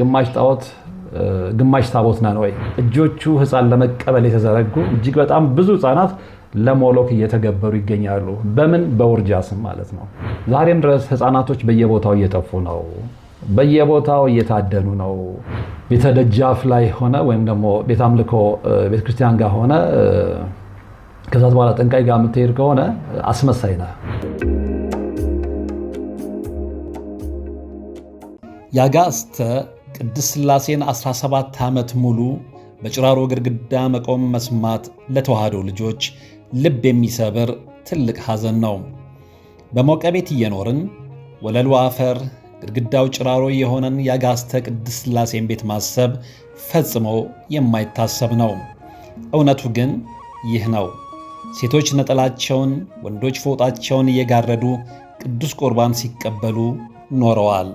ግማሽ ጣዖት ግማሽ ታቦት ነን ወይ? እጆቹ ህፃን ለመቀበል የተዘረጉ እጅግ በጣም ብዙ ህፃናት ለሞሎክ እየተገበሩ ይገኛሉ። በምን በውርጃ ስም ማለት ነው። ዛሬም ድረስ ህፃናቶች በየቦታው እየጠፉ ነው። በየቦታው እየታደኑ ነው። ቤተ ደጃፍ ላይ ሆነ ወይም ደግሞ ቤተ አምልኮ ቤተክርስቲያን ጋር ሆነ ከዛት በኋላ ጠንቋይ ጋር የምትሄድ ከሆነ አስመሳይ ነህ። ያጋስተ ቅድስት ሥላሴን 17 ዓመት ሙሉ በጭራሮ ግድግዳ መቆም መስማት ለተዋህዶ ልጆች ልብ የሚሰብር ትልቅ ሐዘን ነው። በሞቀ ቤት እየኖርን ወለሉ አፈር፣ ግድግዳው ጭራሮ የሆነን የአጋስተ ቅድስት ሥላሴን ቤት ማሰብ ፈጽሞ የማይታሰብ ነው። እውነቱ ግን ይህ ነው። ሴቶች ነጠላቸውን፣ ወንዶች ፎጣቸውን እየጋረዱ ቅዱስ ቁርባን ሲቀበሉ ኖረዋል።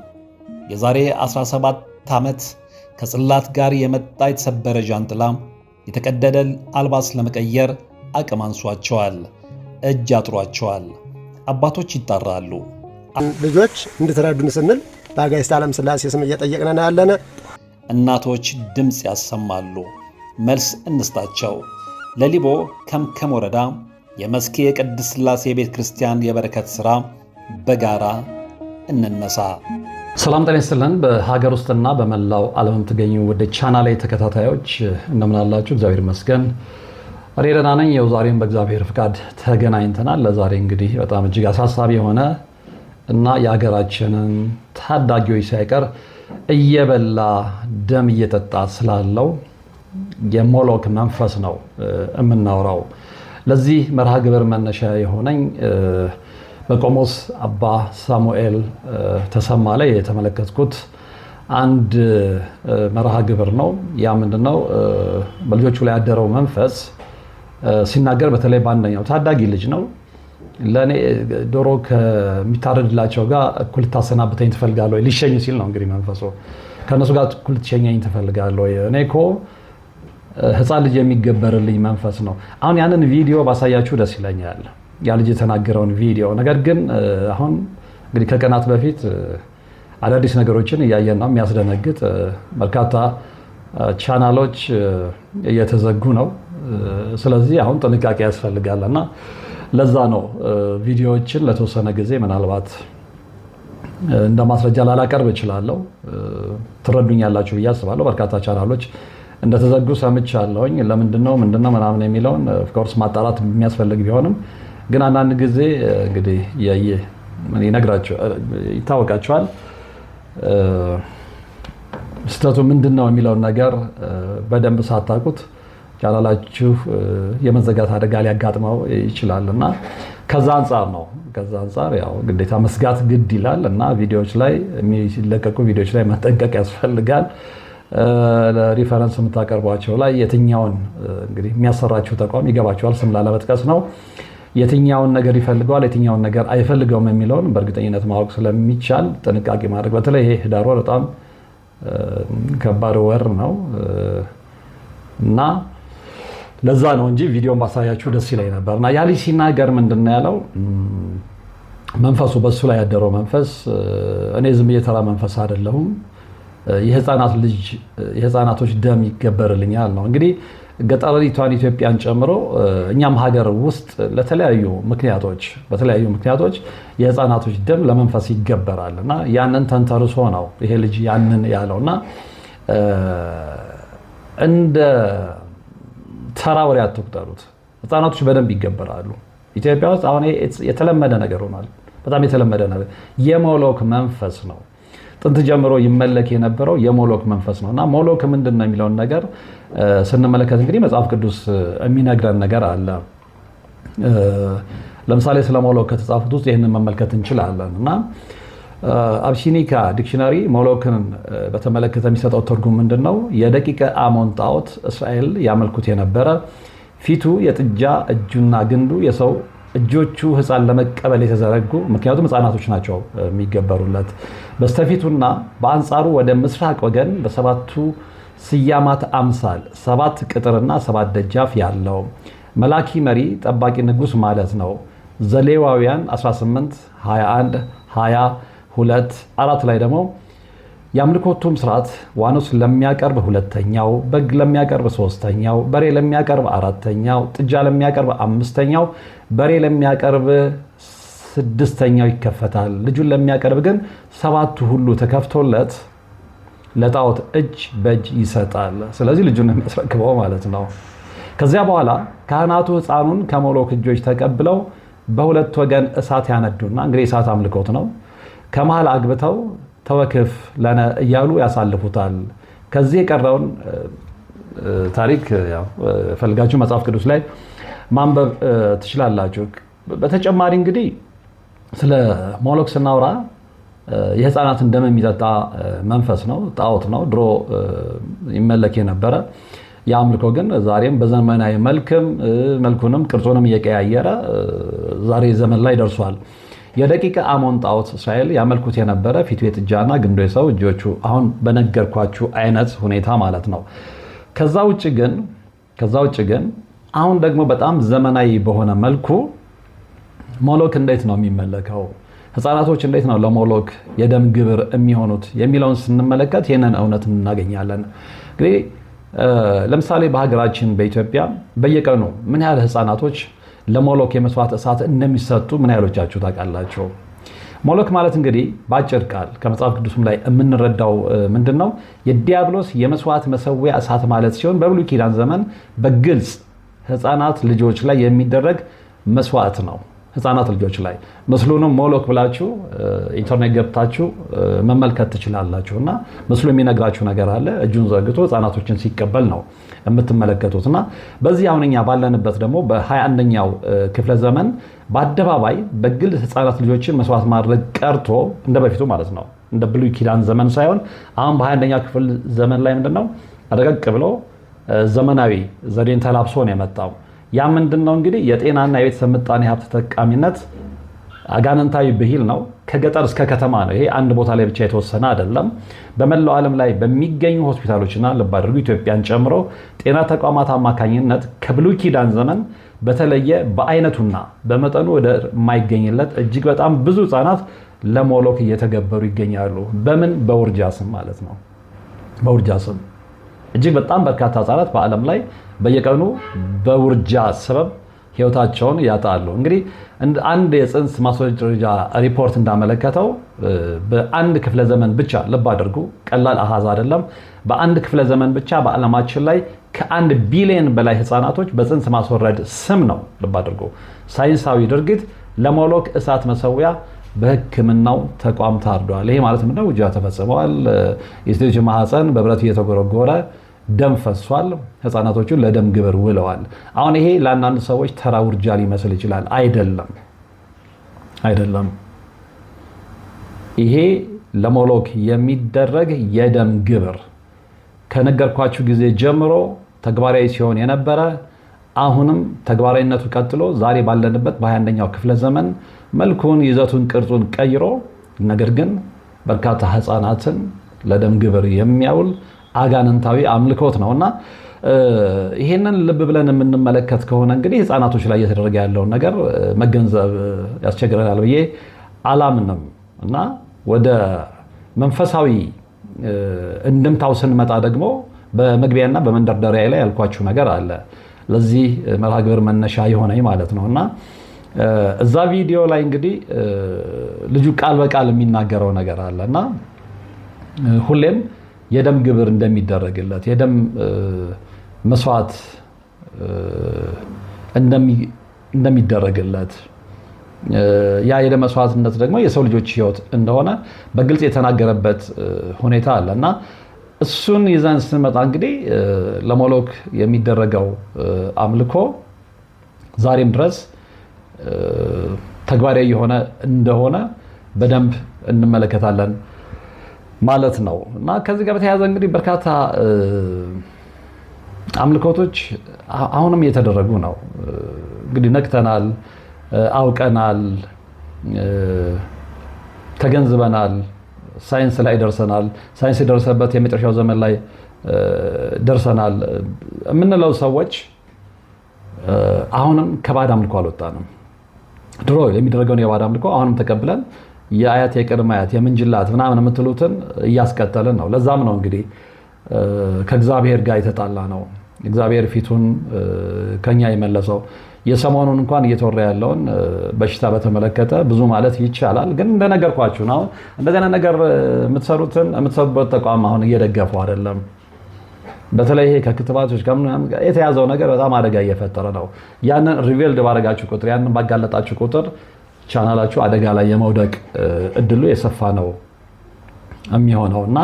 የዛሬ 17 አራት ዓመት ከጽላት ጋር የመጣ የተሰበረ ዣንጥላ የተቀደደ አልባስ ለመቀየር አቅም አንሷቸዋል፣ እጅ አጥሯቸዋል። አባቶች ይጣራሉ። ልጆች እንድትረዱን ስንል በአጋዕዝተ ዓለም ሥላሴ ስም እየጠየቅነን ያለነ እናቶች ድምፅ ያሰማሉ። መልስ እንስጣቸው። ለሊቦ ከምከም ወረዳ የመስኬ የቅድስት ሥላሴ ቤተ ክርስቲያን የበረከት ሥራ በጋራ እንነሳ። ሰላም ጤና ይስጥልን። በሀገር ውስጥና በመላው ዓለም የምትገኙ ወደ ላይ ተከታታዮች እንደምን እግዚአብሔር ይመስገን እኔ ደህና ነኝ። ያው ዛሬም በእግዚአብሔር ፍቃድ ተገናኝተናል። ለዛሬ እንግዲህ በጣም እጅግ አሳሳቢ የሆነ እና የሀገራችንን ታዳጊዎች ሳይቀር እየበላ ደም እየጠጣ ስላለው የሞሎክ መንፈስ ነው የምናወራው። ለዚህ መርሃ ግብር መነሻ የሆነኝ በቆሞስ አባ ሳሙኤል ተሰማ ላይ የተመለከትኩት አንድ መርሃ ግብር ነው። ያ ምንድነው? በልጆቹ ላይ ያደረው መንፈስ ሲናገር፣ በተለይ በአንደኛው ታዳጊ ልጅ ነው ለእኔ ዶሮ ከሚታረድላቸው ጋር እኩል ታሰናብተኝ ትፈልጋለ ወይ? ሊሸኝ ሲል ነው እንግዲህ መንፈሶ ከእነሱ ጋር እኩል ትሸኘኝ ትፈልጋለ ወይ? እኔ እኮ ህፃን ልጅ የሚገበርልኝ መንፈስ ነው። አሁን ያንን ቪዲዮ ባሳያችሁ ደስ ይለኛል። ያ ልጅ የተናገረውን ቪዲዮ። ነገር ግን አሁን እንግዲህ ከቀናት በፊት አዳዲስ ነገሮችን እያየን ነው። የሚያስደነግጥ በርካታ ቻናሎች እየተዘጉ ነው። ስለዚህ አሁን ጥንቃቄ ያስፈልጋል እና ለዛ ነው ቪዲዮዎችን ለተወሰነ ጊዜ ምናልባት እንደ ማስረጃ ላላቀርብ እችላለሁ። ትረዱኛላችሁ ብዬ አስባለሁ። በርካታ ቻናሎች እንደተዘጉ ሰምቻለሁኝ። ለምንድነው ምንድነው ምናምን የሚለውን ኦፍኮርስ ማጣራት የሚያስፈልግ ቢሆንም ግን አንዳንድ ጊዜ እንግዲህ እያየ ይታወቃቸዋል። ስህተቱ ምንድን ነው የሚለውን ነገር በደንብ ሳታውቁት ቻናላችሁ የመዘጋት አደጋ ሊያጋጥመው ይችላል እና ከዛ አንጻር ነው ከዛ አንጻር ያው ግዴታ መስጋት ግድ ይላል እና ቪዲዮዎች ላይ የሚለቀቁ ቪዲዮዎች ላይ መጠንቀቅ ያስፈልጋል። ሪፈረንስ የምታቀርቧቸው ላይ የትኛውን እንግዲህ የሚያሰራችሁ ተቋም ይገባቸዋል ስም ላለመጥቀስ ነው። የትኛውን ነገር ይፈልገዋል፣ የትኛውን ነገር አይፈልገውም የሚለውን በእርግጠኝነት ማወቅ ስለሚቻል ጥንቃቄ ማድረግ በተለይ ይሄ ህዳር ወር በጣም ከባድ ወር ነው እና ለዛ ነው እንጂ ቪዲዮን ባሳያችሁ ደስ ይለኝ ነበር። እና ያሊ ሲናገር ምንድን ነው ያለው? መንፈሱ በሱ ላይ ያደረው መንፈስ እኔ ዝም ብዬ መንፈስ አይደለሁም፣ የህፃናቶች ደም ይገበርልኛል ነው እንግዲህ ገጠሪቷን ኢትዮጵያን ጨምሮ እኛም ሀገር ውስጥ ለተለያዩ ምክንያቶች በተለያዩ ምክንያቶች የህፃናቶች ደም ለመንፈስ ይገበራል እና ያንን ተንተርሶ ነው ይሄ ልጅ ያንን ያለው እና እንደ ተራ ወሬ አትቁጠሩት። ህፃናቶች በደንብ ይገበራሉ። ኢትዮጵያ ውስጥ አሁን የተለመደ ነገር ሆኗል። በጣም የተለመደ ነገር የሞሎክ መንፈስ ነው። ጥንት ጀምሮ ይመለክ የነበረው የሞሎክ መንፈስ ነው እና ሞሎክ ምንድን ነው የሚለውን ነገር ስንመለከት እንግዲህ መጽሐፍ ቅዱስ የሚነግረን ነገር አለ። ለምሳሌ ስለ ሞሎክ ከተጻፉት ውስጥ ይህንን መመልከት እንችላለን እና አብሲኒካ ዲክሽነሪ ሞሎክን በተመለከተ የሚሰጠው ትርጉም ምንድን ነው? የደቂቀ አሞን ጣዖት እስራኤል ያመልኩት የነበረ ፊቱ የጥጃ እጁና ግንዱ የሰው እጆቹ ህፃን ለመቀበል የተዘረጉ ምክንያቱም ህፃናቶች ናቸው የሚገበሩለት በስተፊቱና በአንጻሩ ወደ ምስራቅ ወገን በሰባቱ ስያማት አምሳል ሰባት ቅጥርና ሰባት ደጃፍ ያለው መላኪ መሪ ጠባቂ ንጉስ ማለት ነው። ዘሌዋውያን 18 21 20 አራት ላይ ደግሞ የአምልኮቱም ስርዓት ዋኖስ ለሚያቀርብ ሁለተኛው፣ በግ ለሚያቀርብ ሶስተኛው፣ በሬ ለሚያቀርብ አራተኛው፣ ጥጃ ለሚያቀርብ አምስተኛው፣ በሬ ለሚያቀርብ ስድስተኛው ይከፈታል። ልጁን ለሚያቀርብ ግን ሰባቱ ሁሉ ተከፍቶለት ለጣዖት እጅ በእጅ ይሰጣል። ስለዚህ ልጁን የሚያስረክበው ማለት ነው። ከዚያ በኋላ ካህናቱ ህፃኑን ከሞሎክ እጆች ተቀብለው በሁለት ወገን እሳት ያነዱና እንግዲህ እሳት አምልኮት ነው። ከመሃል አግብተው ተወክፍ ለነ እያሉ ያሳልፉታል። ከዚህ የቀረውን ታሪክ ፈልጋችሁ መጽሐፍ ቅዱስ ላይ ማንበብ ትችላላችሁ። በተጨማሪ እንግዲህ ስለ ሞሎክ ስናውራ የህፃናትን ደም የሚጠጣ መንፈስ ነው፣ ጣዖት ነው። ድሮ ይመለክ የነበረ የአምልኮ ግን ዛሬም በዘመናዊ መልክም መልኩንም ቅርጹንም እየቀያየረ ዛሬ ዘመን ላይ ደርሷል። የደቂቀ አሞን ጣዖት እስራኤል ያመልኩት የነበረ ፊቱ የጥጃና ግንዶ ሰው እጆቹ፣ አሁን በነገርኳችሁ አይነት ሁኔታ ማለት ነው። ከዛ ውጭ ግን ከዛ ውጭ ግን አሁን ደግሞ በጣም ዘመናዊ በሆነ መልኩ ሞሎክ እንዴት ነው የሚመለከው? ህጻናቶች እንዴት ነው ለሞሎክ የደም ግብር የሚሆኑት የሚለውን ስንመለከት ይህንን እውነት እናገኛለን። እንግዲህ ለምሳሌ በሀገራችን በኢትዮጵያ በየቀኑ ምን ያህል ህጻናቶች ለሞሎክ የመስዋዕት እሳት እንደሚሰጡ ምን ያህሎቻችሁ ታውቃላችሁ? ሞሎክ ማለት እንግዲህ በአጭር ቃል ከመጽሐፍ ቅዱስም ላይ የምንረዳው ምንድን ነው? የዲያብሎስ የመስዋዕት መሰዊያ እሳት ማለት ሲሆን በብሉይ ኪዳን ዘመን በግልጽ ህፃናት ልጆች ላይ የሚደረግ መስዋዕት ነው። ህፃናት ልጆች ላይ ምስሉንም ሞሎክ ብላችሁ ኢንተርኔት ገብታችሁ መመልከት ትችላላችሁ። እና ምስሉ የሚነግራችሁ ነገር አለ። እጁን ዘርግቶ ህፃናቶችን ሲቀበል ነው የምትመለከቱት። እና በዚህ አሁን እኛ ባለንበት ደግሞ በ21ኛው ክፍለ ዘመን በአደባባይ በግል ህፃናት ልጆችን መስዋዕት ማድረግ ቀርቶ እንደ በፊቱ ማለት ነው እንደ ብሉይ ኪዳን ዘመን ሳይሆን አሁን በ21ኛው ክፍል ዘመን ላይ ምንድነው አደቀቅ ብሎ ዘመናዊ ዘዴን ተላብሶ ነው የመጣው። ያ ምንድን ነው እንግዲህ የጤናና የቤተሰብ ምጣኔ ሀብት ተጠቃሚነት አጋንንታዊ ብሂል ነው። ከገጠር እስከ ከተማ ነው። ይሄ አንድ ቦታ ላይ ብቻ የተወሰነ አይደለም። በመላው ዓለም ላይ በሚገኙ ሆስፒታሎችና ልብ አድርጉ ኢትዮጵያን ጨምሮ ጤና ተቋማት አማካኝነት ከብሉይ ኪዳን ዘመን በተለየ በአይነቱና በመጠኑ ወደ የማይገኝለት እጅግ በጣም ብዙ ህጻናት ለሞሎክ እየተገበሩ ይገኛሉ። በምን በውርጃ ስም ማለት ነው። በውርጃ ስም እጅግ በጣም በርካታ ህጻናት በዓለም ላይ በየቀኑ በውርጃ ሰበብ ህይወታቸውን ያጣሉ። እንግዲህ አንድ የፅንስ ማስወረጃ ሪፖርት እንዳመለከተው በአንድ ክፍለ ዘመን ብቻ ልብ አድርጉ፣ ቀላል አሃዝ አይደለም። በአንድ ክፍለ ዘመን ብቻ በዓለማችን ላይ ከአንድ ቢሊዮን በላይ ህፃናቶች በፅንስ ማስወረድ ስም ነው ልብ አድርጉ ሳይንሳዊ ድርጊት ለሞሎክ እሳት መሰዊያ በህክምናው ተቋም ታርዷል። ይሄ ማለት ምንድነው? ውጃ ተፈጽመዋል። የሴቶች ማህፀን በብረት እየተጎረጎረ ደም ፈሷል። ህፃናቶቹ ለደም ግብር ውለዋል። አሁን ይሄ ለአንዳንድ ሰዎች ተራ ውርጃ ሊመስል ይችላል። አይደለም፣ አይደለም። ይሄ ለሞሎክ የሚደረግ የደም ግብር ከነገርኳችሁ ጊዜ ጀምሮ ተግባራዊ ሲሆን የነበረ አሁንም ተግባራዊነቱ ቀጥሎ ዛሬ ባለንበት በ21ኛው ክፍለ ዘመን መልኩን፣ ይዘቱን፣ ቅርጹን ቀይሮ ነገር ግን በርካታ ህፃናትን ለደም ግብር የሚያውል አጋንንታዊ አምልኮት ነውና ይሄንን ልብ ብለን የምንመለከት ከሆነ እንግዲህ ህፃናቶች ላይ እየተደረገ ያለውን ነገር መገንዘብ ያስቸግረናል ብዬ አላምንም እና ወደ መንፈሳዊ እንድምታው ስንመጣ ደግሞ በመግቢያና በመንደርደሪያ ላይ ያልኳችሁ ነገር አለ ለዚህ መርሃ ግብር መነሻ የሆነኝ ማለት ነው እና እዛ ቪዲዮ ላይ እንግዲህ ልጁ ቃል በቃል የሚናገረው ነገር አለ እና ሁሌም የደም ግብር እንደሚደረግለት የደም መስዋዕት እንደሚደረግለት ያ የደም መስዋዕትነት ደግሞ የሰው ልጆች ህይወት እንደሆነ በግልጽ የተናገረበት ሁኔታ አለ እና እሱን ይዘን ስንመጣ እንግዲህ ለሞሎክ የሚደረገው አምልኮ ዛሬም ድረስ ተግባራዊ የሆነ እንደሆነ በደንብ እንመለከታለን። ማለት ነው እና ከዚህ ጋር በተያያዘ እንግዲህ በርካታ አምልኮቶች አሁንም እየተደረጉ ነው። እንግዲህ ነቅተናል፣ አውቀናል፣ ተገንዝበናል፣ ሳይንስ ላይ ደርሰናል፣ ሳይንስ የደረሰበት የመጨረሻው ዘመን ላይ ደርሰናል የምንለው ሰዎች አሁንም ከባድ አምልኮ አልወጣንም። ድሮ የሚደረገውን የባድ አምልኮ አሁንም ተቀብለን የአያት የቅድመ አያት የምንጅላት ምናምን የምትሉትን እያስቀጠልን ነው። ለዛም ነው እንግዲህ ከእግዚአብሔር ጋር የተጣላ ነው እግዚአብሔር ፊቱን ከኛ የመለሰው። የሰሞኑን እንኳን እየተወራ ያለውን በሽታ በተመለከተ ብዙ ማለት ይቻላል፣ ግን እንደነገርኳችሁ ነው። እንደዚህ ነገር የምትሰሩትን የምትሰሩበት ተቋም አሁን እየደገፉ አይደለም። በተለይ ይሄ ከክትባቶች የተያዘው ነገር በጣም አደጋ እየፈጠረ ነው። ያንን ሪቬልድ ባደረጋችሁ ቁጥር፣ ያንን ባጋለጣችሁ ቁጥር ቻናላችሁ አደጋ ላይ የመውደቅ እድሉ የሰፋ ነው የሚሆነው እና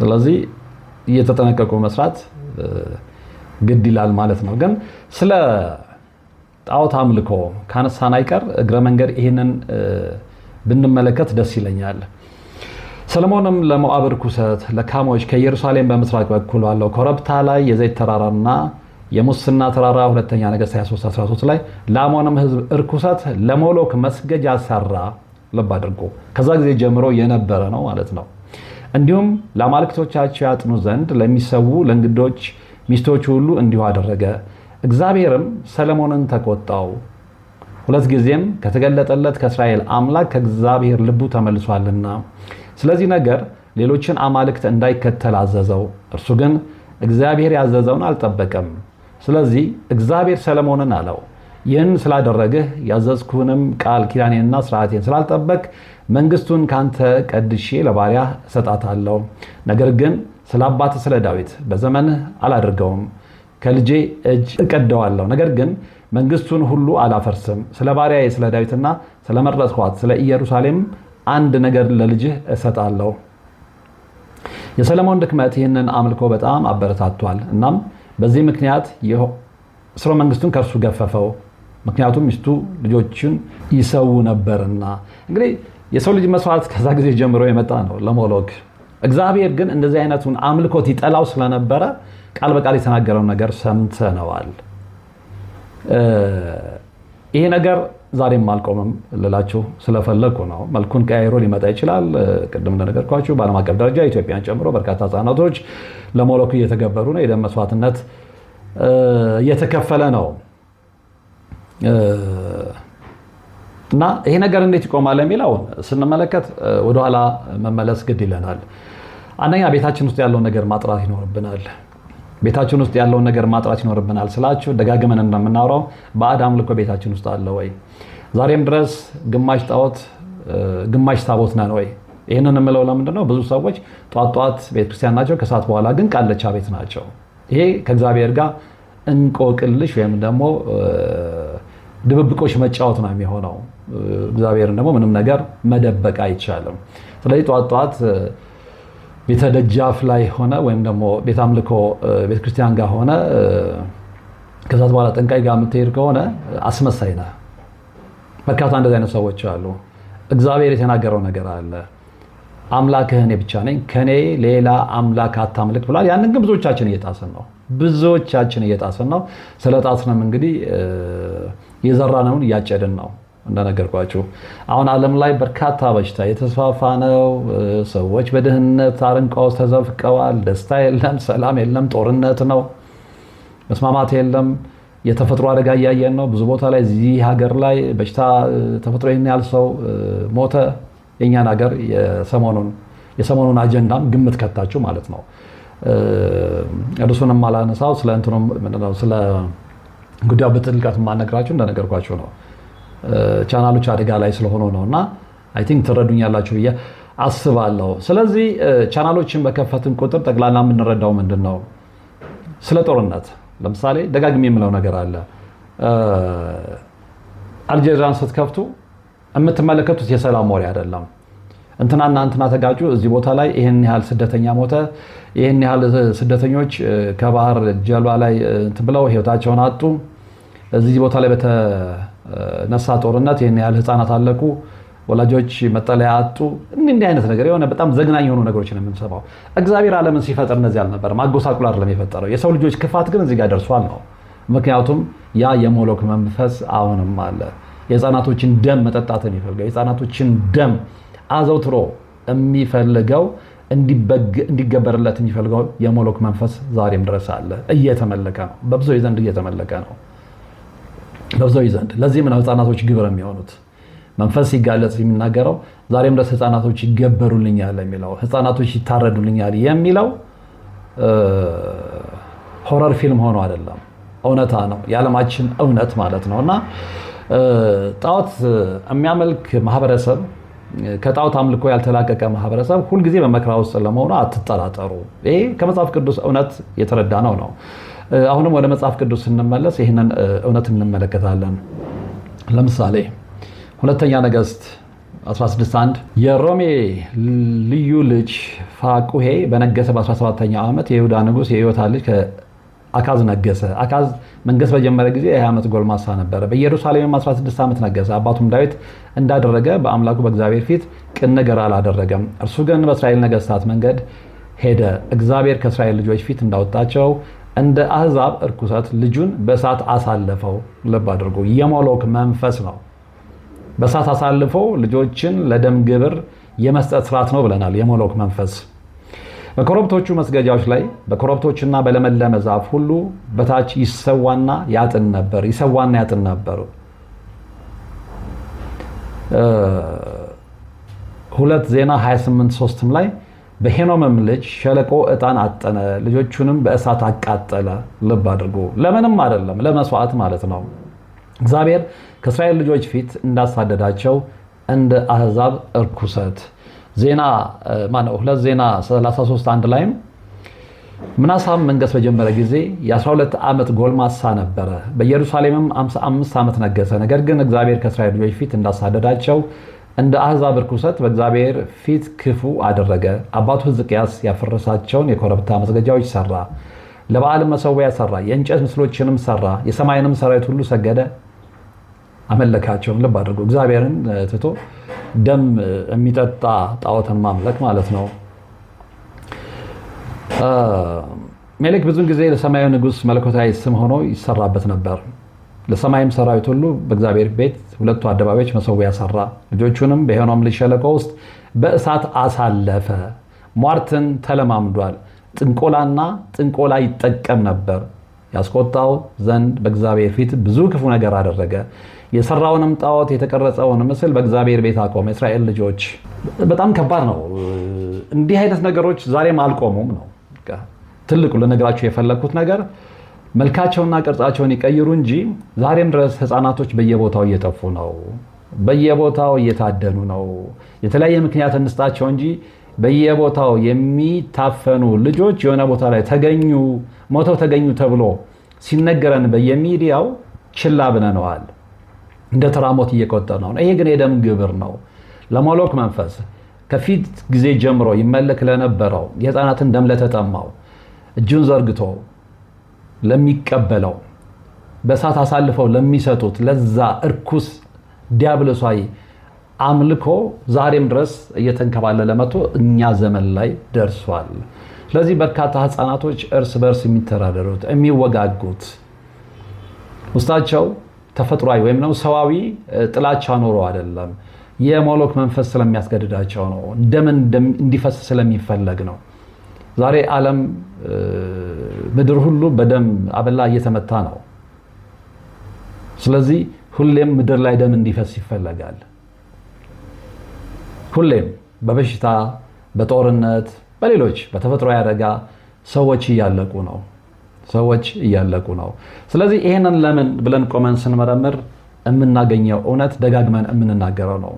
ስለዚህ እየተጠነቀቁ መስራት ግድ ይላል ማለት ነው። ግን ስለ ጣዖት አምልኮ ካነሳን አይቀር እግረ መንገድ ይህንን ብንመለከት ደስ ይለኛል። ሰለሞንም ለመዋብር ርኩሰት ለካሞች ከኢየሩሳሌም በምስራቅ በኩል ባለው ኮረብታ ላይ የዘይት ተራራና የሙስና ተራራ ሁለተኛ ነገሥት 2313 ላይ ለአሞንም ህዝብ እርኩሰት ለሞሎክ መስገጃ ሰራ። ልብ አድርጎ ከዛ ጊዜ ጀምሮ የነበረ ነው ማለት ነው። እንዲሁም ለአማልክቶቻቸው ያጥኑ ዘንድ ለሚሰዉ ለእንግዶች ሚስቶች ሁሉ እንዲሁ አደረገ። እግዚአብሔርም ሰለሞንን ተቆጣው፣ ሁለት ጊዜም ከተገለጠለት ከእስራኤል አምላክ ከእግዚአብሔር ልቡ ተመልሷልና ስለዚህ ነገር ሌሎችን አማልክት እንዳይከተል አዘዘው። እርሱ ግን እግዚአብሔር ያዘዘውን አልጠበቀም። ስለዚህ እግዚአብሔር ሰለሞንን አለው ይህን ስላደረግህ ያዘዝኩንም ቃል ኪዳኔንና ስርዓቴን ስላልጠበቅ መንግስቱን ካንተ ቀድሼ ለባሪያ እሰጣታለሁ። ነገር ግን ስለ አባት ስለ ዳዊት በዘመንህ አላድርገውም፣ ከልጄ እጅ እቀደዋለሁ። ነገር ግን መንግስቱን ሁሉ አላፈርስም። ስለ ባሪያ ስለ ዳዊትና ስለ ስለ ኢየሩሳሌም አንድ ነገር ለልጅህ እሰጣለሁ። የሰለሞን ድክመት ይህንን አምልኮ በጣም አበረታቷል። እናም በዚህ ምክንያት ስርወ መንግስቱን ከእርሱ ገፈፈው። ምክንያቱም ሚስቱ ልጆችን ይሰዉ ነበርና። እንግዲህ የሰው ልጅ መስዋዕት ከዛ ጊዜ ጀምሮ የመጣ ነው ለሞሎክ። እግዚአብሔር ግን እንደዚህ አይነቱን አምልኮት ይጠላው ስለነበረ ቃል በቃል የተናገረው ነገር ሰምተነዋል። ይሄ ነገር ዛሬም አልቆምም ልላችሁ ስለፈለግኩ ነው። መልኩን ቀያይሮ ሊመጣ ይችላል። ቅድም እንደነገርኳችሁ በዓለም አቀፍ ደረጃ ኢትዮጵያን ጨምሮ በርካታ ህጻናቶች ለሞሎክ እየተገበሩ ነው። የደም መስዋዕትነት እየተከፈለ ነው እና ይሄ ነገር እንዴት ይቆማል የሚለውን ስንመለከት ወደኋላ መመለስ ግድ ይለናል። አንደኛ ቤታችን ውስጥ ያለውን ነገር ማጥራት ይኖርብናል። ቤታችን ውስጥ ያለውን ነገር ማጥራት ይኖርብናል ስላችሁ ደጋግመን እንደምናውረው ባዕድ አምልኮ ቤታችን ውስጥ አለ ወይ? ዛሬም ድረስ ግማሽ ጣዖት ግማሽ ታቦት ነን ወይ? ይህንን የምለው ለምንድን ነው? ብዙ ሰዎች ጧት ጧት ቤተክርስቲያን ናቸው፣ ከሰዓት በኋላ ግን ቃለቻ ቤት ናቸው። ይሄ ከእግዚአብሔር ጋር እንቆቅልሽ ወይም ደግሞ ድብብቆች መጫወት ነው የሚሆነው። እግዚአብሔርን ደግሞ ምንም ነገር መደበቅ አይቻልም። ስለዚህ ጧት ጧት ቤተ ደጃፍ ላይ ሆነ ወይም ደግሞ ቤተ አምልኮ ቤተክርስቲያን ጋር ሆነ ከዛት በኋላ ጠንቋይ ጋር የምትሄድ ከሆነ አስመሳይ ነህ። በርካታ እንደዚህ አይነት ሰዎች አሉ። እግዚአብሔር የተናገረው ነገር አለ አምላክህ እኔ ብቻ ነኝ፣ ከኔ ሌላ አምላክ አታምልክ ብሏል። ያንን ግን ብዙዎቻችን እየጣስን ነው ብዙዎቻችን እየጣስን ነው። ስለ እንግዲህ የዘራነውን እያጨድን ነው። እንደነገርኳችሁ አሁን ዓለም ላይ በርካታ በሽታ የተስፋፋ ነው። ሰዎች በድህነት አረንቋ ውስጥ ተዘፍቀዋል። ደስታ የለም፣ ሰላም የለም፣ ጦርነት ነው፣ መስማማት የለም። የተፈጥሮ አደጋ እያየን ነው። ብዙ ቦታ ላይ እዚህ ሀገር ላይ በሽታ ተፈጥሮ ይህን ያህል ሰው ሞተ። የእኛን ሀገር የሰሞኑን አጀንዳም ግምት ከታችሁ ማለት ነው። እርሱንም አላነሳው ስለ እንትኑም ስለ ጉዳዩ በጥልቀት የማልነግራችሁ እንደነገርኳችሁ ነው። ቻናሎች አደጋ ላይ ስለሆኑ ነው እና አይ ቲንክ ትረዱኛላችሁ ብዬ አስባለሁ። ስለዚህ ቻናሎችን በከፈትን ቁጥር ጠቅላላ የምንረዳው ምንድን ነው? ስለ ጦርነት ለምሳሌ ደጋግሜ የምለው ነገር አለ። አልጄሪያን ስትከፍቱ የምትመለከቱት የሰላም ወሬ አይደለም። እንትናና እንትና ተጋጩ፣ እዚህ ቦታ ላይ ይህን ያህል ስደተኛ ሞተ፣ ይህን ያህል ስደተኞች ከባህር ጀልባ ላይ ብለው ህይወታቸውን አጡ፣ እዚህ ቦታ ላይ በተነሳ ጦርነት ይህን ያህል ህፃናት አለቁ፣ ወላጆች መጠለያ አጡ። እንዲህ አይነት ነገር የሆነ በጣም ዘግናኝ የሆኑ ነገሮች ነው የምንሰማው። እግዚአብሔር ዓለምን ሲፈጥር እነዚህ አልነበረም። አጎሳቁሎ አይደለም የፈጠረው። የሰው ልጆች ክፋት ግን እዚህ ጋር ደርሷል ነው። ምክንያቱም ያ የሞሎክ መንፈስ አሁንም አለ። የህፃናቶችን ደም መጠጣትን ይፈልጋል። የህፃናቶችን ደም አዘውትሮ የሚፈልገው እንዲገበርለት የሚፈልገው የሞሎክ መንፈስ ዛሬም ድረስ አለ፣ እየተመለከ ነው። በብዙዎች ዘንድ እየተመለከ ነው። በብዙዎች ዘንድ ለዚህም ነው ህፃናቶች ግብር የሚሆኑት። መንፈስ ሲጋለጽ የሚናገረው ዛሬም ድረስ ህፃናቶች ይገበሩልኛል የሚለው ህፃናቶች ይታረዱልኛል የሚለው ሆረር ፊልም ሆኖ አይደለም፣ እውነታ ነው። የዓለማችን እውነት ማለት ነው እና ጣዖት የሚያመልክ ማህበረሰብ ከጣዖት አምልኮ ያልተላቀቀ ማህበረሰብ ሁልጊዜ በመከራ ውስጥ ለመሆኑ አትጠራጠሩ። ይሄ ከመጽሐፍ ቅዱስ እውነት የተረዳ ነው ነው። አሁንም ወደ መጽሐፍ ቅዱስ ስንመለስ ይህንን እውነት እንመለከታለን። ለምሳሌ ሁለተኛ ነገስት 161 የሮሜ ልዩ ልጅ ፋቁሄ በነገሰ በ17ኛው ዓመት የይሁዳ ንጉስ የዮታ ልጅ አካዝ ነገሰ። አካዝ መንገስ በጀመረ ጊዜ የ20 ዓመት ጎልማሳ ነበረ። በኢየሩሳሌም 16 ዓመት ነገሰ። አባቱም ዳዊት እንዳደረገ በአምላኩ በእግዚአብሔር ፊት ቅን ነገር አላደረገም። እርሱ ግን በእስራኤል ነገስታት መንገድ ሄደ፣ እግዚአብሔር ከእስራኤል ልጆች ፊት እንዳወጣቸው እንደ አህዛብ እርኩሰት ልጁን በእሳት አሳለፈው። ልብ አድርጎ የሞሎክ መንፈስ ነው። በእሳት አሳልፎ ልጆችን ለደም ግብር የመስጠት ስርዓት ነው ብለናል። የሞሎክ መንፈስ በኮረብቶቹ መስገጃዎች ላይ በኮረብቶችና በለመለመ ዛፍ ሁሉ በታች ይሰዋና ያጥን ነበር። ይሰዋና ያጥን ነበር። ሁለት ዜና 28 ሶስትም ላይ በሄኖምም ልጅ ሸለቆ እጣን አጠነ፣ ልጆቹንም በእሳት አቃጠለ። ልብ አድርጎ ለምንም አይደለም፣ ለመስዋዕት ማለት ነው። እግዚአብሔር ከእስራኤል ልጆች ፊት እንዳሳደዳቸው እንደ አህዛብ እርኩሰት ዜና ማነው ሁለት ዜና 33 አንድ ላይም ምናሳም መንገስ በጀመረ ጊዜ የ12 ዓመት ጎልማሳ ነበረ። በኢየሩሳሌምም 55 ዓመት ነገሰ። ነገር ግን እግዚአብሔር ከእስራኤል ልጆች ፊት እንዳሳደዳቸው እንደ አህዛብ ርኩሰት በእግዚአብሔር ፊት ክፉ አደረገ። አባቱ ሕዝቅያስ ያፈረሳቸውን የኮረብታ መስገጃዎች ሰራ። ለበዓል መሰዊያ ሰራ። የእንጨት ምስሎችንም ሰራ። የሰማይንም ሰራዊት ሁሉ ሰገደ፣ አመለካቸውን። ልብ አድርጉ እግዚአብሔርን ትቶ ደም የሚጠጣ ጣዖትን ማምለክ ማለት ነው። ሜሌክ ብዙ ጊዜ ለሰማያዊ ንጉስ መለኮታዊ ስም ሆኖ ይሰራበት ነበር። ለሰማይም ሰራዊት ሁሉ በእግዚአብሔር ቤት ሁለቱ አደባባዮች መሰዊያ ሰራ። ልጆቹንም በሄኖም ልጅ ሸለቆ ውስጥ በእሳት አሳለፈ። ሟርትን ተለማምዷል። ጥንቆላና ጥንቆላ ይጠቀም ነበር። ያስቆጣው ዘንድ በእግዚአብሔር ፊት ብዙ ክፉ ነገር አደረገ። የሰራውንም ጣዖት የተቀረጸውን ምስል በእግዚአብሔር ቤት አቆመ። እስራኤል ልጆች በጣም ከባድ ነው። እንዲህ አይነት ነገሮች ዛሬም አልቆሙም ነው ትልቁ ልነግራቸው የፈለግኩት ነገር። መልካቸውና ቅርጻቸውን ይቀይሩ እንጂ ዛሬም ድረስ ህፃናቶች በየቦታው እየጠፉ ነው። በየቦታው እየታደኑ ነው። የተለያየ ምክንያት እንስጣቸው እንጂ በየቦታው የሚታፈኑ ልጆች የሆነ ቦታ ላይ ተገኙ፣ ሞተው ተገኙ ተብሎ ሲነገረን በየሚዲያው ችላ ብለነዋል። እንደ ተራሞት እየቆጠር ነው። ይሄ ግን የደም ግብር ነው። ለሞሎክ መንፈስ ከፊት ጊዜ ጀምሮ ይመለክ ለነበረው የህፃናትን ደም ለተጠማው እጁን ዘርግቶ ለሚቀበለው በእሳት አሳልፈው ለሚሰጡት ለዛ እርኩስ ዲያብሎሳዊ አምልኮ ዛሬም ድረስ እየተንከባለለ መጥቶ እኛ ዘመን ላይ ደርሷል። ስለዚህ በርካታ ህፃናቶች እርስ በርስ የሚተዳደሩት የሚወጋጉት ውስጣቸው ተፈጥሯዊ ወይም ደግሞ ሰዋዊ ጥላቻ ኖሮ አይደለም። የሞሎክ መንፈስ ስለሚያስገድዳቸው ነው። ደም እንዲፈስ ስለሚፈለግ ነው። ዛሬ ዓለም ምድር ሁሉ በደም አበላ እየተመታ ነው። ስለዚህ ሁሌም ምድር ላይ ደም እንዲፈስ ይፈለጋል። ሁሌም በበሽታ፣ በጦርነት፣ በሌሎች በተፈጥሮ አደጋ ሰዎች እያለቁ ነው። ሰዎች እያለቁ ነው። ስለዚህ ይሄንን ለምን ብለን ቆመን ስንመረምር የምናገኘው እውነት ደጋግመን የምንናገረው ነው።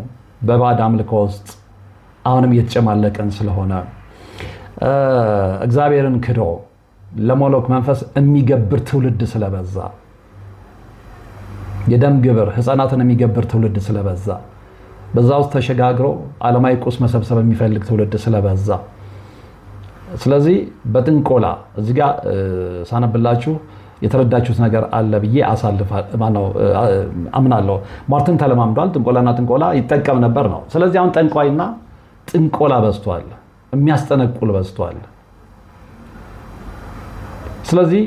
በባዕድ አምልኮ ውስጥ አሁንም እየተጨማለቀን ስለሆነ እግዚአብሔርን ክዶ ለሞሎክ መንፈስ የሚገብር ትውልድ ስለበዛ የደም ግብር ህፃናትን የሚገብር ትውልድ ስለበዛ በዛ ውስጥ ተሸጋግሮ ዓለማዊ ቁስ መሰብሰብ የሚፈልግ ትውልድ ስለበዛ ስለዚህ በጥንቆላ እዚህ ጋ ሳነብላችሁ የተረዳችሁት ነገር አለ ብዬ አምናለሁ። ማርትን ተለማምዷል። ጥንቆላና ጥንቆላ ይጠቀም ነበር ነው። ስለዚህ አሁን ጠንቋይና ጥንቆላ በዝቷል፣ የሚያስጠነቁል በዝቷል። ስለዚህ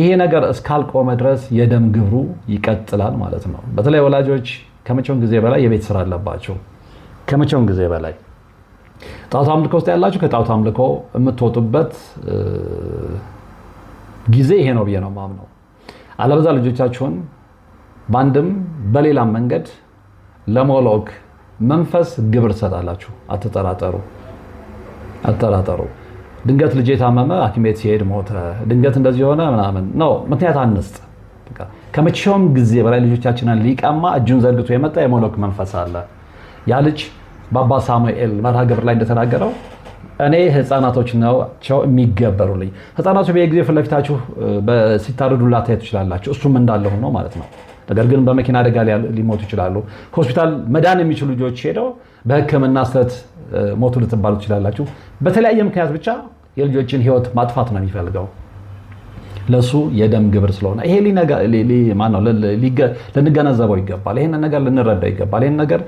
ይሄ ነገር እስካልቆመ ድረስ የደም ግብሩ ይቀጥላል ማለት ነው። በተለይ ወላጆች ከመቼውም ጊዜ በላይ የቤት ስራ አለባቸው። ከመቼውም ጊዜ በላይ ጣዖት አምልኮ ውስጥ ያላችሁ ከጣዖት አምልኮ የምትወጡበት ጊዜ ይሄ ነው ብዬ ነው ማምነው። አለበዛ ልጆቻችሁን በአንድም በሌላም መንገድ ለሞሎክ መንፈስ ግብር ትሰጣላችሁ። አትጠራጠሩ አትጠራጠሩ። ድንገት ልጅ የታመመ ሐኪም ቤት ሲሄድ ሞተ፣ ድንገት እንደዚህ የሆነ ምናምን ነው ምክንያት አንስጥ። ከመቼውም ጊዜ በላይ ልጆቻችንን ሊቀማ እጁን ዘርግቶ የመጣ የሞሎክ መንፈስ አለ። ያ ልጅ በአባ ሳሙኤል መርሃ ግብር ላይ እንደተናገረው እኔ ህፃናቶች ናቸው የሚገበሩልኝ። ህፃናቶች በየጊዜ ፊት ለፊታችሁ ሲታረዱ ላታየት ትችላላችሁ። እሱም እንዳለ ሆኖ ማለት ነው። ነገር ግን በመኪና አደጋ ሊሞቱ ይችላሉ። ሆስፒታል መዳን የሚችሉ ልጆች ሄደው በህክምና ስህተት ሞቱ ልትባሉ ትችላላችሁ። በተለያየ ምክንያት ብቻ የልጆችን ህይወት ማጥፋት ነው የሚፈልገው ለሱ የደም ግብር ስለሆነ ይሄ ማነው ልንገነዘበው ይገባል። ይህን ነገር ልንረዳ ይገባል። ይህን ነገር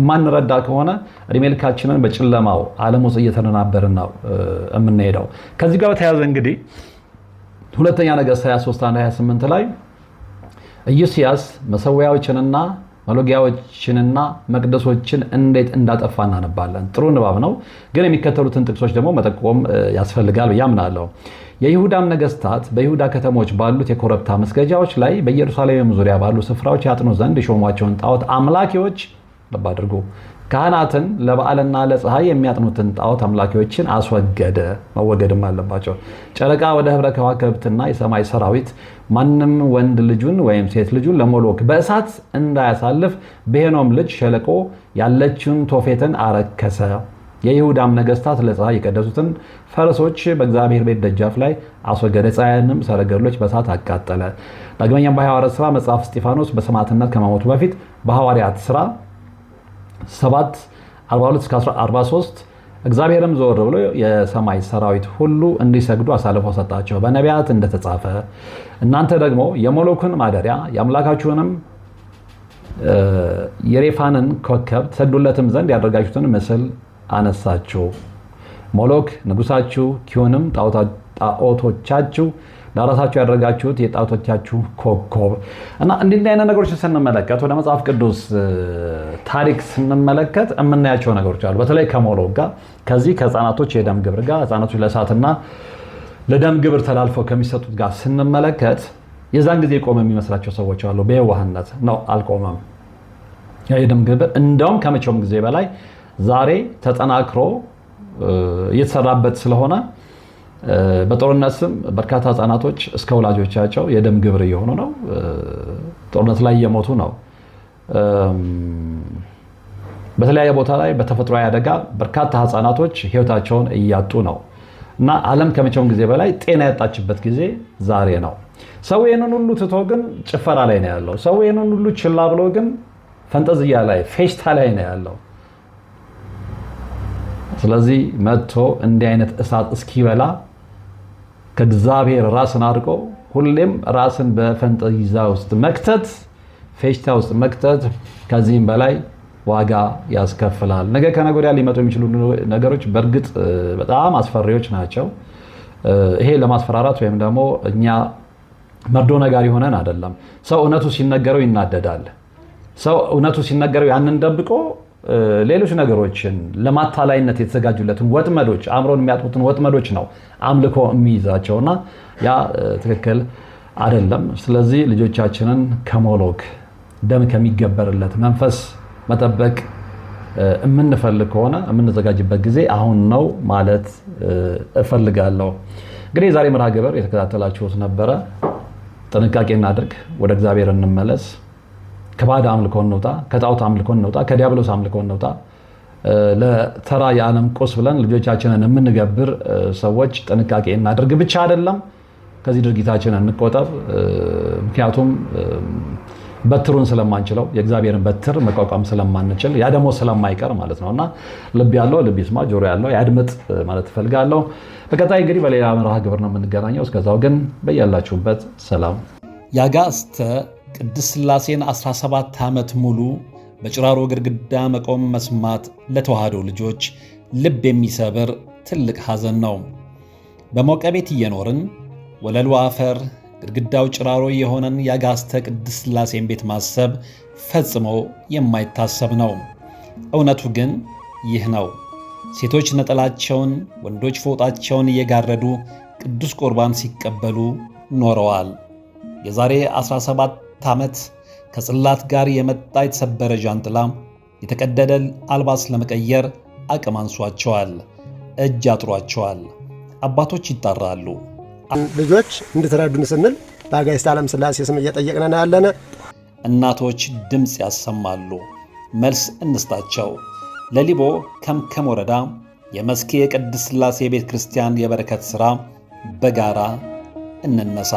የማንረዳ ከሆነ እድሜ ልካችንን በጨለማው ዓለም ውስጥ እየተነናበርን ነው የምንሄደው። ከዚህ ጋር በተያያዘ እንግዲህ ሁለተኛ ነገሥት 23 28 ላይ ኢዮስያስ መሰዊያዎችንና መሎጊያዎችንና መቅደሶችን እንዴት እንዳጠፋ እናነባለን። ጥሩ ንባብ ነው፣ ግን የሚከተሉትን ጥቅሶች ደግሞ መጠቆም ያስፈልጋል ብዬ አምናለሁ። የይሁዳም ነገስታት በይሁዳ ከተሞች ባሉት የኮረብታ መስገጃዎች ላይ በኢየሩሳሌም ዙሪያ ባሉ ስፍራዎች ያጥኑ ዘንድ የሾሟቸውን ጣዖት አምላኪዎች ልብ አድርጉ ካህናትን ለበዓልና ለፀሐይ የሚያጥኑትን ጣዖት አምላኪዎችን አስወገደ። መወገድም አለባቸው። ጨረቃ ወደ ህብረ ከዋክብትና የሰማይ ሰራዊት ማንም ወንድ ልጁን ወይም ሴት ልጁን ለሞሎክ በእሳት እንዳያሳልፍ በሄኖም ልጅ ሸለቆ ያለችውን ቶፌትን አረከሰ። የይሁዳም ነገስታት ለፀሐይ የቀደሱትን ፈረሶች በእግዚአብሔር ቤት ደጃፍ ላይ አስወገደ። ፀሐይንም ሰረገሎች በእሳት አቃጠለ። ዳግመኛም በሐዋርያት ሥራ መጽሐፍ እስጢፋኖስ በሰማዕትነት ከመሞቱ በፊት በሐዋርያት ሥራ 7 42-43 እግዚአብሔርም ዘወር ብሎ የሰማይ ሰራዊት ሁሉ እንዲሰግዱ አሳልፎ ሰጣቸው፣ በነቢያት እንደተጻፈ እናንተ ደግሞ የሞሎክን ማደሪያ የአምላካችሁንም የሬፋንን ኮከብ ትሰግዱለትም ዘንድ ያደረጋችሁትን ምስል አነሳችሁ። ሞሎክ ንጉሳችሁ ኪዮንም ጣዖቶቻችሁ ለራሳችሁ ያደረጋችሁት የጣዖቶቻችሁ ኮከብ እና እንዲህ አይነት ነገሮች ስንመለከት ወደ መጽሐፍ ቅዱስ ታሪክ ስንመለከት የምናያቸው ነገሮች አሉ። በተለይ ከሞሎክ ጋር ከዚህ ከህፃናቶች የደም ግብር ጋር ህፃናቶች ለእሳትና ለደም ግብር ተላልፈው ከሚሰጡት ጋር ስንመለከት የዛን ጊዜ ቆመ የሚመስላቸው ሰዎች አሉ። በየዋህነት ነው አልቆመም። የደም ግብር እንደውም ከመቼውም ጊዜ በላይ ዛሬ ተጠናክሮ እየተሰራበት ስለሆነ በጦርነት ስም በርካታ ህጻናቶች እስከ ወላጆቻቸው የደም ግብር እየሆኑ ነው። ጦርነት ላይ እየሞቱ ነው። በተለያየ ቦታ ላይ በተፈጥሯዊ አደጋ በርካታ ህጻናቶች ህይወታቸውን እያጡ ነው እና ዓለም ከመቼውም ጊዜ በላይ ጤና ያጣችበት ጊዜ ዛሬ ነው። ሰው ይህንን ሁሉ ትቶ ግን ጭፈራ ላይ ነው ያለው። ሰው ይህንን ሁሉ ችላ ብሎ ግን ፈንጠዝያ ላይ ፌሽታ ላይ ነው ያለው። ስለዚህ መጥቶ እንዲህ አይነት እሳት እስኪበላ ከእግዚአብሔር ራስን አድርቆ ሁሌም ራስን በፈንጠዛ ውስጥ መክተት፣ ፌሽታ ውስጥ መክተት ከዚህም በላይ ዋጋ ያስከፍላል። ነገ ከነገ ወዲያ ሊመጡ የሚችሉ ነገሮች በእርግጥ በጣም አስፈሪዎች ናቸው። ይሄ ለማስፈራራት ወይም ደግሞ እኛ መርዶ ነጋሪ ሆነን አይደለም። ሰው እውነቱ ሲነገረው ይናደዳል። ሰው እውነቱ ሲነገረው ያንን ደብቆ ሌሎች ነገሮችን ለማታላይነት የተዘጋጁለትን ወጥመዶች አእምሮን የሚያጥሙትን ወጥመዶች ነው አምልኮ የሚይዛቸውና ያ ትክክል አይደለም። ስለዚህ ልጆቻችንን ከሞሎክ ደም ከሚገበርለት መንፈስ መጠበቅ የምንፈልግ ከሆነ የምንዘጋጅበት ጊዜ አሁን ነው ማለት እፈልጋለሁ። እንግዲህ የዛሬ መርሃ ግብር የተከታተላችሁት ነበረ። ጥንቃቄ እናድርግ፣ ወደ እግዚአብሔር እንመለስ። ከባዕድ አምልኮ እንውጣ፣ ከጣዖት አምልኮ እንውጣ፣ ከዲያብሎስ አምልኮ እንውጣ። ለተራ የዓለም ቁስ ብለን ልጆቻችንን የምንገብር ሰዎች ጥንቃቄ እናደርግ ብቻ አይደለም፣ ከዚህ ድርጊታችን እንቆጠብ። ምክንያቱም በትሩን ስለማንችለው የእግዚአብሔርን በትር መቋቋም ስለማንችል ያ ደግሞ ስለማይቀር ማለት ነው እና ልብ ያለው ልብ ይስማ፣ ጆሮ ያለው ያድምጥ ማለት እፈልጋለሁ። በቀጣይ እንግዲህ በሌላ መርሃ ግብር ነው የምንገናኘው። እስከዛው ግን በያላችሁበት ሰላም ያጋስተ ቅድስት ሥላሴን 17 ዓመት ሙሉ በጭራሮ ግድግዳ መቆም መስማት ለተዋህዶ ልጆች ልብ የሚሰብር ትልቅ ሐዘን ነው። በሞቀ ቤት እየኖርን ወለሉ አፈር ግድግዳው ጭራሮ የሆነን የአጋስተ ቅድስት ሥላሴን ቤት ማሰብ ፈጽሞ የማይታሰብ ነው። እውነቱ ግን ይህ ነው። ሴቶች ነጠላቸውን፣ ወንዶች ፎጣቸውን እየጋረዱ ቅዱስ ቁርባን ሲቀበሉ ኖረዋል። የዛሬ 17 ዓመት ከጽላት ጋር የመጣ የተሰበረ ዣንጥላ የተቀደደ አልባስ ለመቀየር አቅም አንሷቸዋል፣ እጅ አጥሯቸዋል። አባቶች ይጣራሉ። ልጆች እንድትረዱን ስንል በአጋዕዝተ ዓለም ሥላሴ ስም እየጠየቅነን ያለነ። እናቶች ድምፅ ያሰማሉ። መልስ እንስጣቸው። ለሊቦ ከምከም ወረዳ የመስኬ የቅድስት ሥላሴ የቤተ ክርስቲያን የበረከት ሥራ በጋራ እንነሳ።